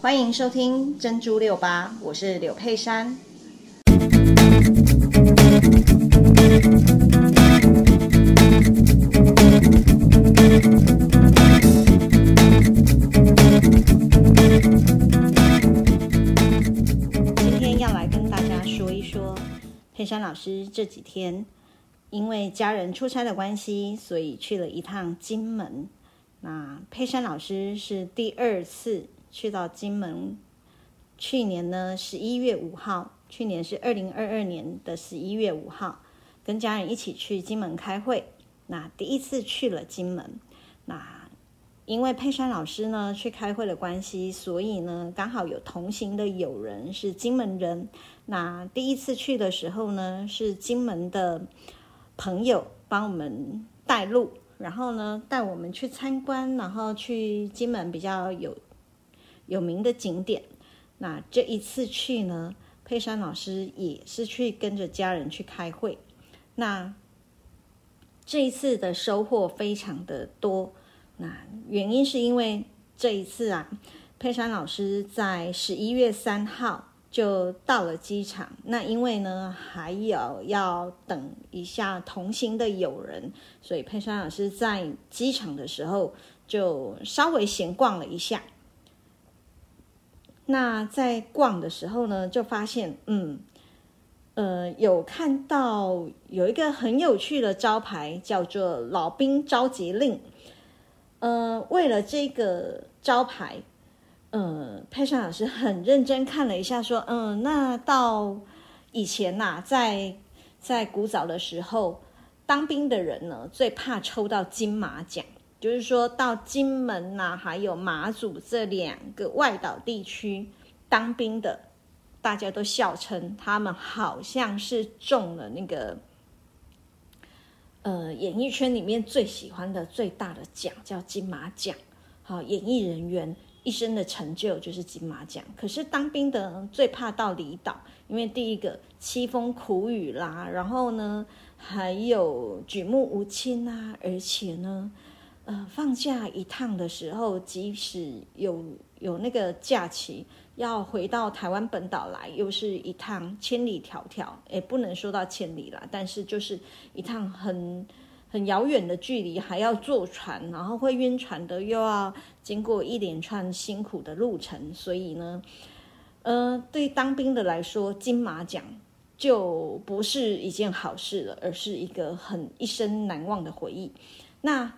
歡迎收聽《珍珠六八》，我是柳沛杉。今天要來跟大家說一說，沛杉老師這幾天因為家人出差的關係，所以去了一趟金門。那沛杉老師是第二次。去到金門，去年呢，十一月五號，去年是二零二二年的十一月五號，跟家人一起去金門開會。那第一次去了金門，那因為沛杉老師呢，去開會的關係，所以呢，剛好有同行的友人是金門人。那第一次去的時候呢，是金門的朋友幫我們帶路，然後呢帶我們去參觀，然後去金門比較有。有名的景點，那這一次去呢，沛杉老師也是去跟着家人去開會。那這一次的收穫非常的多。那原因是因為這一次啊，沛杉老師在十一月三號就到了機場。那因為呢，還有要等一下同行的友人，所以沛杉老師在機場的時候就稍微閒逛了一下。那在逛的時候呢，就發現，嗯，呃，有看到有一個很有趣的招牌，叫做“老兵召集令”。呃，為了這個招牌，呃，沛杉老師很認真看了一下，說，嗯、呃，那到以前吶、啊，在在古早的時候，當兵的人呢，最怕抽到金馬獎。就是說到金門吶、啊，還有馬祖這兩個外島地區，當兵的大家都笑稱他們好像是中了那個呃，演藝圈裡面最喜歡的最大的獎，叫金馬獎。好，演藝人員一生的成就就是金馬獎。可是當兵的最怕到離島，因為第一個淒風苦雨啦，然後呢，還有舉目無親啊，而且呢。呃，放假一趟的時候，即使有有那個假期，要回到台灣本島來，又是一趟千里迢迢，也不能說到千里啦，但是就是一趟很很遙遠的距離，還要坐船，然後會暈船的，又要經過一連串辛苦的路程，所以呢，呃，對當兵的來說，金馬獎就不是一件好事了，而是一個很一生難忘的回憶。那。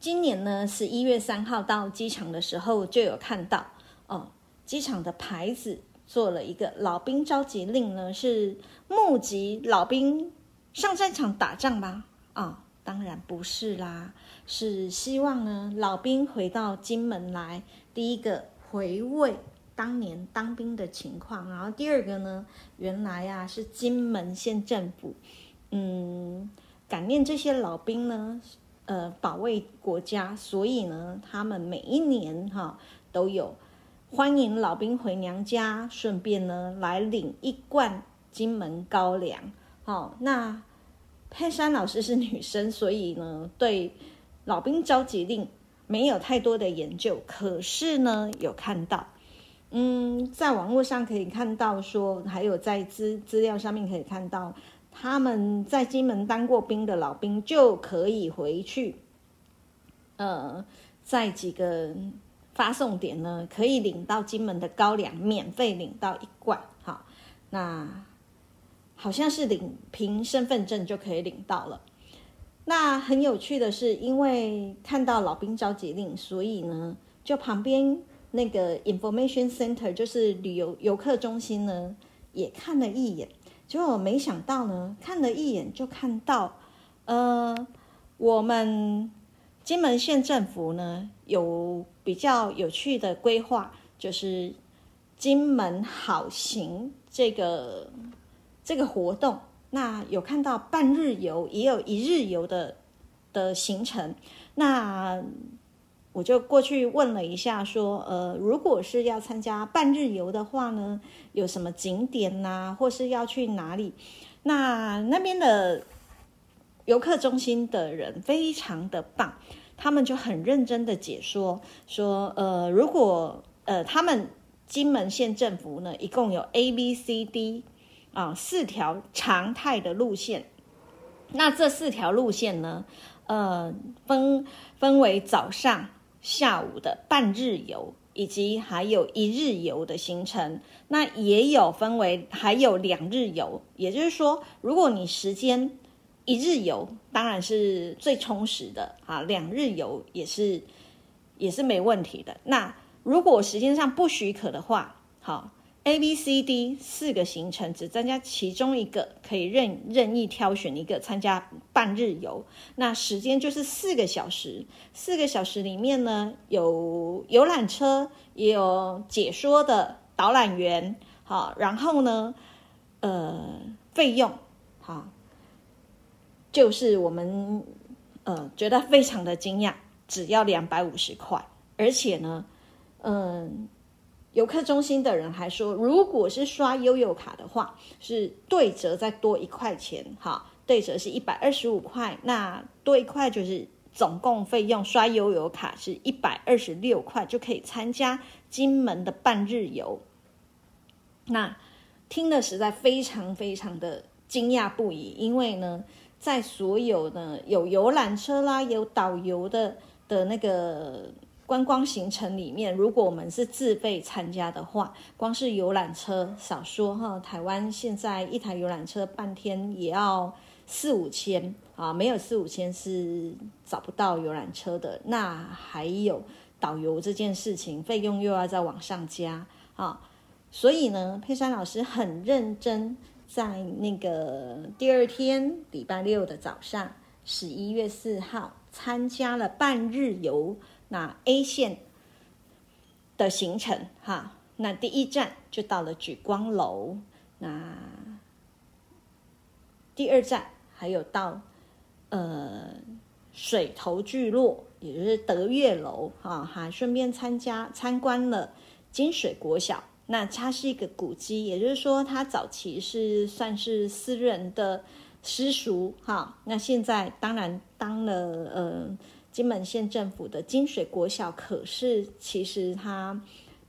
今年呢是十一月三號到機場的時候就有看到，哦，機場的牌子做了一個老兵召集令，呢是募集老兵上戰場打仗吧？啊、哦，當然不是啦，是希望呢老兵回到金門來，第一個回味當年當兵的情況，然後第二個呢，原來呀、啊、是金門縣政府，嗯，感念這些老兵呢。呃，保衛國家，所以呢，他們每一年哈、哦、都有歡迎老兵回娘家，順便呢來領一罐金門高粱。哦、那沛杉老師是女生，所以呢對老兵召集令沒有太多的研究，可是呢有看到，嗯，在網絡上可以看到說，還有在資資料上面可以看到。他們在金門當過兵的老兵就可以回去，呃，在幾個發送點呢，可以領到金門的高粱，免費領到一罐。好，那好像是領，憑身份證就可以領到了。那很有趣的是，因為看到老兵召集令，所以呢，就旁邊那個 information center，就是旅遊遊客中心呢，也看了一眼。結果我沒想到呢，看了一眼就看到，呃，我們金門縣政府呢，有比較有趣的規劃，就是金門好行這個這個活動，那有看到半日遊，也有一日遊的的行程，那。我就過去問了一下，說，呃，如果是要參加半日遊的話呢，有什麼景點吶、啊，或是要去哪裡？那那邊的遊客中心的人非常的棒，他們就很認真的解說，說，呃，如果，呃，他們金門縣政府呢，一共有 A、呃、B、C、D 啊四條常態的路線，那這四條路線呢，呃，分分為早上。下午的半日遊，以及還有一日遊的行程，那也有分為還有兩日遊，也就是說，如果你時間一日遊，當然是最充實的啊，兩日遊也是也是沒問題的。那如果時間上不許可的話，好。A、B、C、D 四個行程只增加其中一個，可以任任意挑選一個參加半日遊，那時間就是四個小時。四個小時裡面呢，有遊覽車，也有解說的導覽員。好，然後呢，呃，費用好，就是我們呃覺得非常的驚訝，只要兩百五十塊，而且呢，嗯、呃。遊客中心的人還說，如果是刷悠遊卡的話，是對折再多一塊錢，哈，對折是一百二十五塊，那多一塊就是總共費用，刷悠遊卡是一百二十六塊，就可以參加金門的半日遊。那聽得實在非常非常的驚訝不已，因為呢，在所有的有遊覽車啦、有導遊的的那個。觀光行程裡面，如果我們是自費參加的話，光是遊覽車少說哈，台灣現在一台遊覽車半天也要四五千啊，沒有四五千是找不到遊覽車的。那還有導遊這件事情，費用又要再往上加啊。所以呢，沛杉老師很認真，在那個第二天禮拜六的早上，十一月四號參加了半日遊。那 A 線的行程哈，那第一站就到了莒光樓，那第二站還有到呃水頭聚落，也就是得月樓哈，還、啊、順便參加參觀了金水國小，那它是一個古蹟，也就是說它早期是算是私人的私塾哈、啊，那現在當然當了呃。金門縣政府的金水國小，可是其實它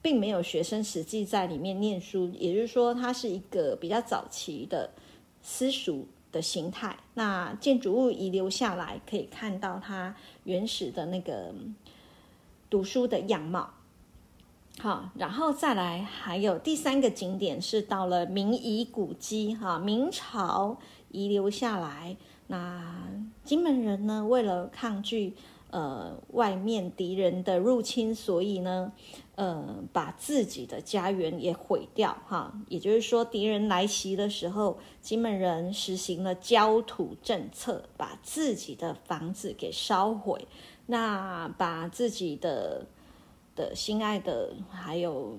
並沒有學生實際在裡面念書，也就是說，它是一個比較早期的私塾的形態。那建築物遺留下來，可以看到它原始的那個讀書的樣貌。好，然後再來，還有第三個景點是到了明遺古蹟，哈，明朝遺留下來。那金門人呢？為了抗拒呃外面敵人的入侵，所以呢，呃，把自己的家園也毀掉哈。也就是說，敵人來襲的時候，金門人實行了焦土政策，把自己的房子給燒毀，那把自己的的心愛的，還有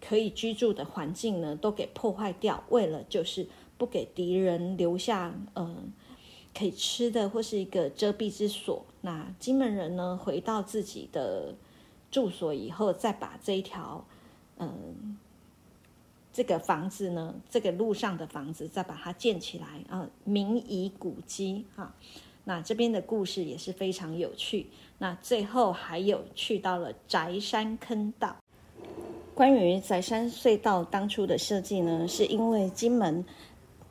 可以居住的環境呢，都給破壞掉，為了就是不給敵人留下嗯。呃可以吃的或是一個遮蔽之所。那金門人呢，回到自己的住所以後，再把這一條，嗯，這個房子呢，這個路上的房子，再把它建起來啊，名以古蹟哈、啊。那這邊的故事也是非常有趣。那最後還有去到了翟山坑道。關於翟山隧道當初的設計呢，是因為金門。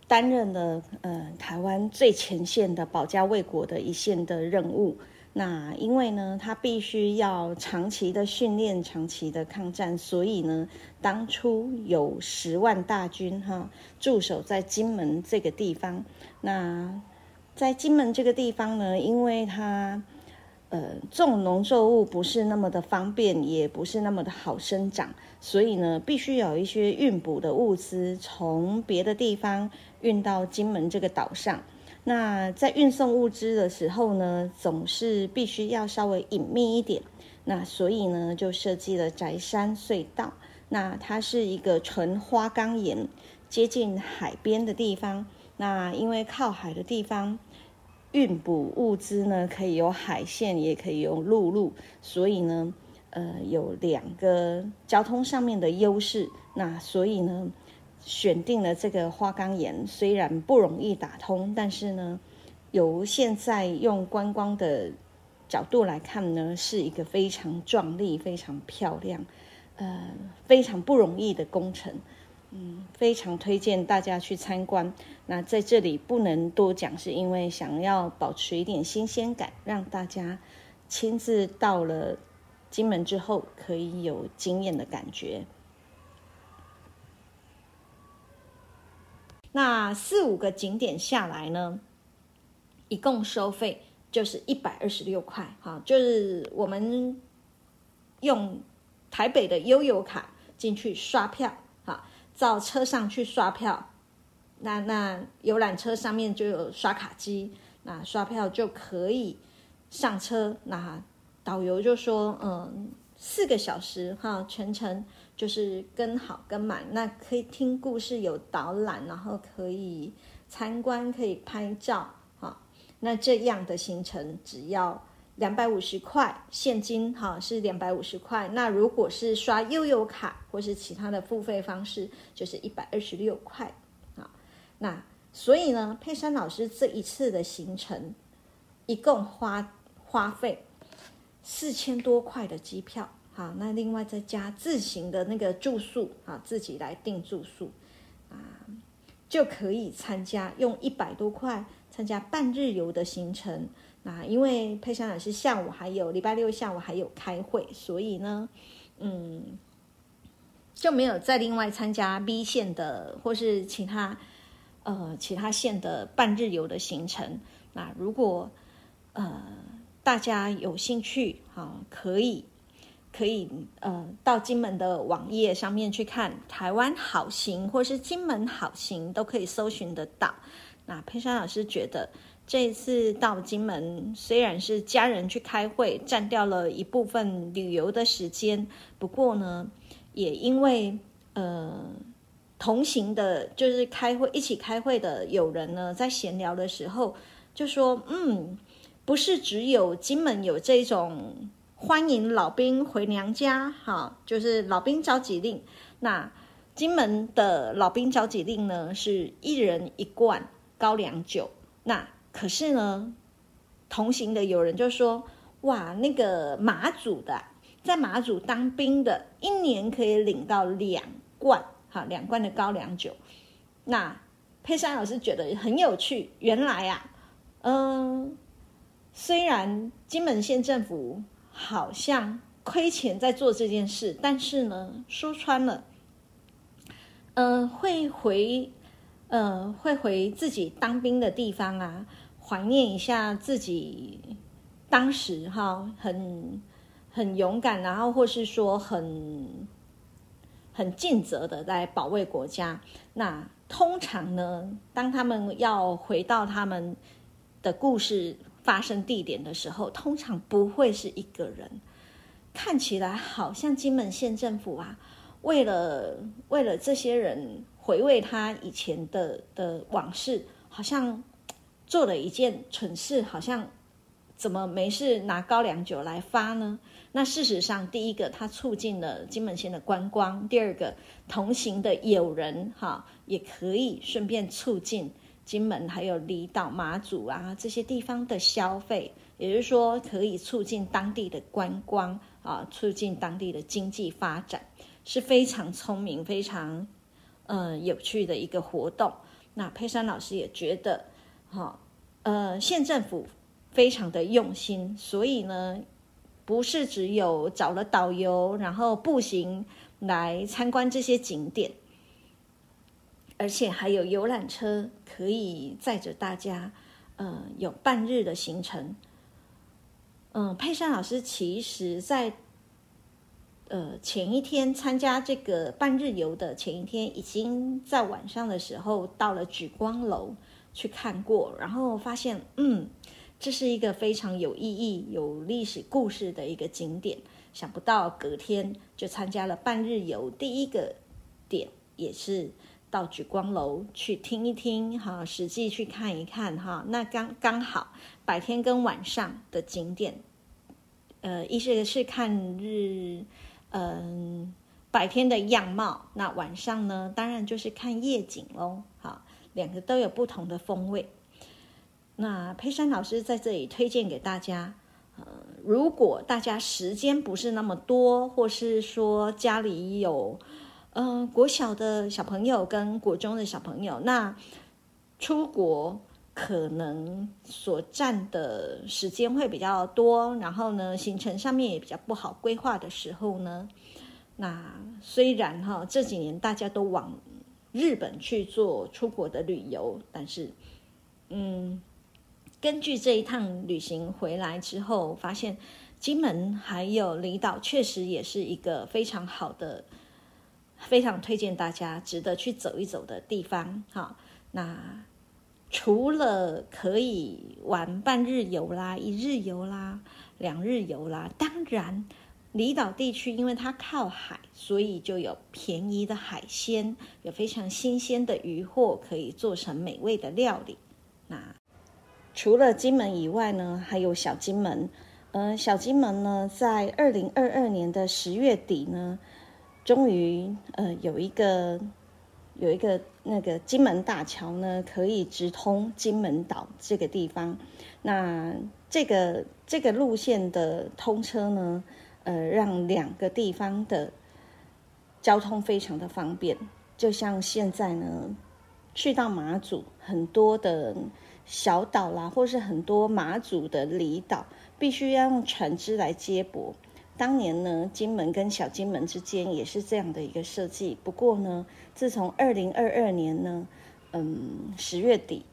擔任了呃台灣最前線的保家衛國的一線的任務。那因為呢，他必須要長期的訓練、長期的抗戰，所以呢，當初有十萬大軍哈駐守在金門這個地方。那在金門這個地方呢，因為他。呃，種農作物不是那麼的方便，也不是那麼的好生長，所以呢，必須有一些運補的物資從別的地方運到金門這個島上。那在運送物資的時候呢，總是必須要稍微隱秘一點。那所以呢，就設計了翟山隧道。那它是一個純花崗岩，接近海邊的地方。那因為靠海的地方。運補物資呢，可以有海線，也可以有陸路，所以呢，呃，有兩個交通上面的優勢。那所以呢，選定了這個花崗岩，雖然不容易打通，但是呢，由現在用觀光的角度來看呢，是一個非常壯麗、非常漂亮、呃，非常不容易的工程。嗯，非常推薦大家去參觀。那在這裡不能多講，是因為想要保持一點新鮮感，讓大家親自到了金門之後可以有驚豔的感覺。那四五個景點下來呢，一共收費就是一百二十六塊，哈，就是我們用台北的悠遊卡進去刷票。到車上去刷票，那那遊覽車上面就有刷卡機，那刷票就可以上車。那導遊就說，嗯，四個小時哈，全程就是跟好跟滿，那可以聽故事，有導覽，然後可以參觀，可以拍照啊。那這樣的行程只要。兩百五十塊現金，哈，是兩百五十塊。那如果是刷悠遊卡或是其他的付費方式，就是一百二十六塊，啊，那所以呢，沛杉老師這一次的行程，一共花花費四千多塊的機票，哈，那另外再加自行的那個住宿，哈，自己來訂住宿，啊，就可以參加用一百多塊參加半日遊的行程。那因為沛杉老師下午還有禮拜六下午還有開會，所以呢，嗯，就沒有再另外參加 B 線的或是其他呃其他線的半日遊的行程。那如果呃大家有興趣，啊，可以可以呃到金門的網頁上面去看台灣好行或是金門好行都可以搜尋得到。那沛杉老師覺得。這一次到金門，雖然是家人去開會，占掉了一部分旅遊的時間，不過呢，也因為呃同行的，就是開會一起開會的友人呢，在閒聊的時候就說，嗯，不是只有金門有這種歡迎老兵回娘家，哈，就是老兵召集令。那金門的老兵召集令呢，是一人一罐高粱酒，那。可是呢，同行的有人就說：“哇，那個馬祖的，在馬祖當兵的，一年可以領到兩罐，哈，兩罐的高粱酒。”那沛杉老師覺得很有趣。原來啊，嗯、呃，雖然金門縣政府好像虧錢在做這件事，但是呢，說穿了，嗯、呃，會回，呃，會回自己當兵的地方啊。懷念一下自己，當時哈很很勇敢，然後或是說很很盡責的在保衛國家。那通常呢，當他們要回到他們的故事發生地點的時候，通常不會是一個人。看起來好像金門縣政府啊，為了為了這些人回味他以前的的往事，好像。做了一件蠢事，好像怎麼沒事拿高粱酒來發呢？那事實上，第一個它促進了金門縣的觀光；第二個，同行的友人哈、啊、也可以順便促進金門還有離島馬祖啊這些地方的消費，也就是說可以促進當地的觀光啊，促進當地的經濟發展，是非常聰明、非常嗯、呃、有趣的一個活動。那沛杉老師也覺得。好、哦，呃，縣政府非常的用心，所以呢，不是只有找了導遊，然後步行來參觀這些景點，而且還有遊覽車可以載着大家，呃，有半日的行程。嗯、呃，佩珊老師其實在，在呃前一天參加這個半日遊的前一天，已經在晚上的時候到了舉光樓。去看過，然後發現，嗯，這是一個非常有意義、有歷史故事的一個景點。想不到隔天就參加了半日遊，第一個點也是到莒光樓去聽一聽，哈，實際去看一看，哈。那剛剛好，白天跟晚上的景點，呃，一是是看日，嗯、呃，白天的樣貌；那晚上呢，當然就是看夜景嘍，哈。兩個都有不同的風味。那沛杉老師在這裡推薦給大家，呃，如果大家時間不是那麼多，或是說家裡有，嗯，呃，國小的小朋友跟國中的小朋友，那出國可能所占的時間會比較多，然後呢，行程上面也比較不好規劃的時候呢，那雖然哈，哦，這幾年大家都往。日本去做出國的旅遊，但是，嗯，根據這一趟旅行回來之後，發現金門還有離島確實也是一個非常好的，非常推薦大家值得去走一走的地方。哈，那除了可以玩半日遊啦、一日遊啦、兩日遊啦，當然。離島地區，因為它靠海，所以就有便宜的海鮮，有非常新鮮的漁獲，可以做成美味的料理。那除了金門以外呢，還有小金門。呃，小金門呢，在二零二二年的十月底呢，終於呃有一個有一個那個金門大橋呢，可以直通金門島這個地方。那這個這個路線的通車呢，呃，讓兩個地方的交通非常的方便，就像現在呢，去到馬祖很多的小島啦，或是很多馬祖的離島，必須要用船隻來接駁。當年呢，金門跟小金門之間也是這樣的一個設計。不過呢，自從二零二二年呢，嗯，十月底，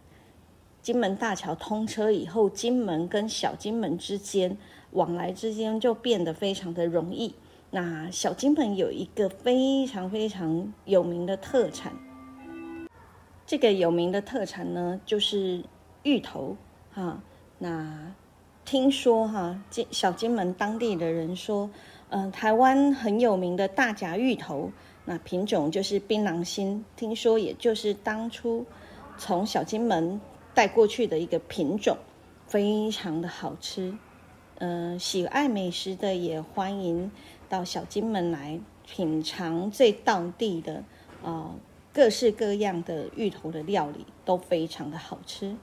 金門大橋通車以後，金門跟小金門之間，往來之間就變得非常的容易。那小金門有一個非常非常有名的特產，這個有名的特產呢就是芋頭哈、啊。那聽說哈，金，小金門當地的人說，嗯、呃，台灣很有名的大甲芋頭，那品種就是檳榔心。聽說也就是當初從小金門帶過去的一個品種，非常的好吃。嗯、呃，喜愛美食的也歡迎到小金門來品嘗最道地的呃各式各樣的芋頭的料理都非常的好吃。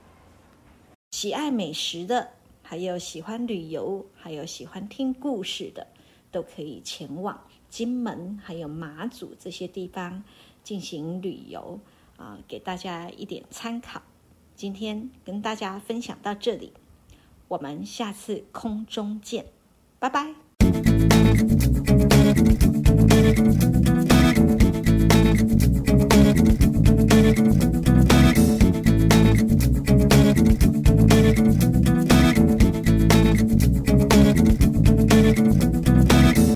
喜愛美食的，還有喜歡旅遊，還有喜歡聽故事的，都可以前往金門還有馬祖這些地方進行旅遊啊，給大家一點參考。今天跟大家分享到這裡。我們下次空中見，拜拜。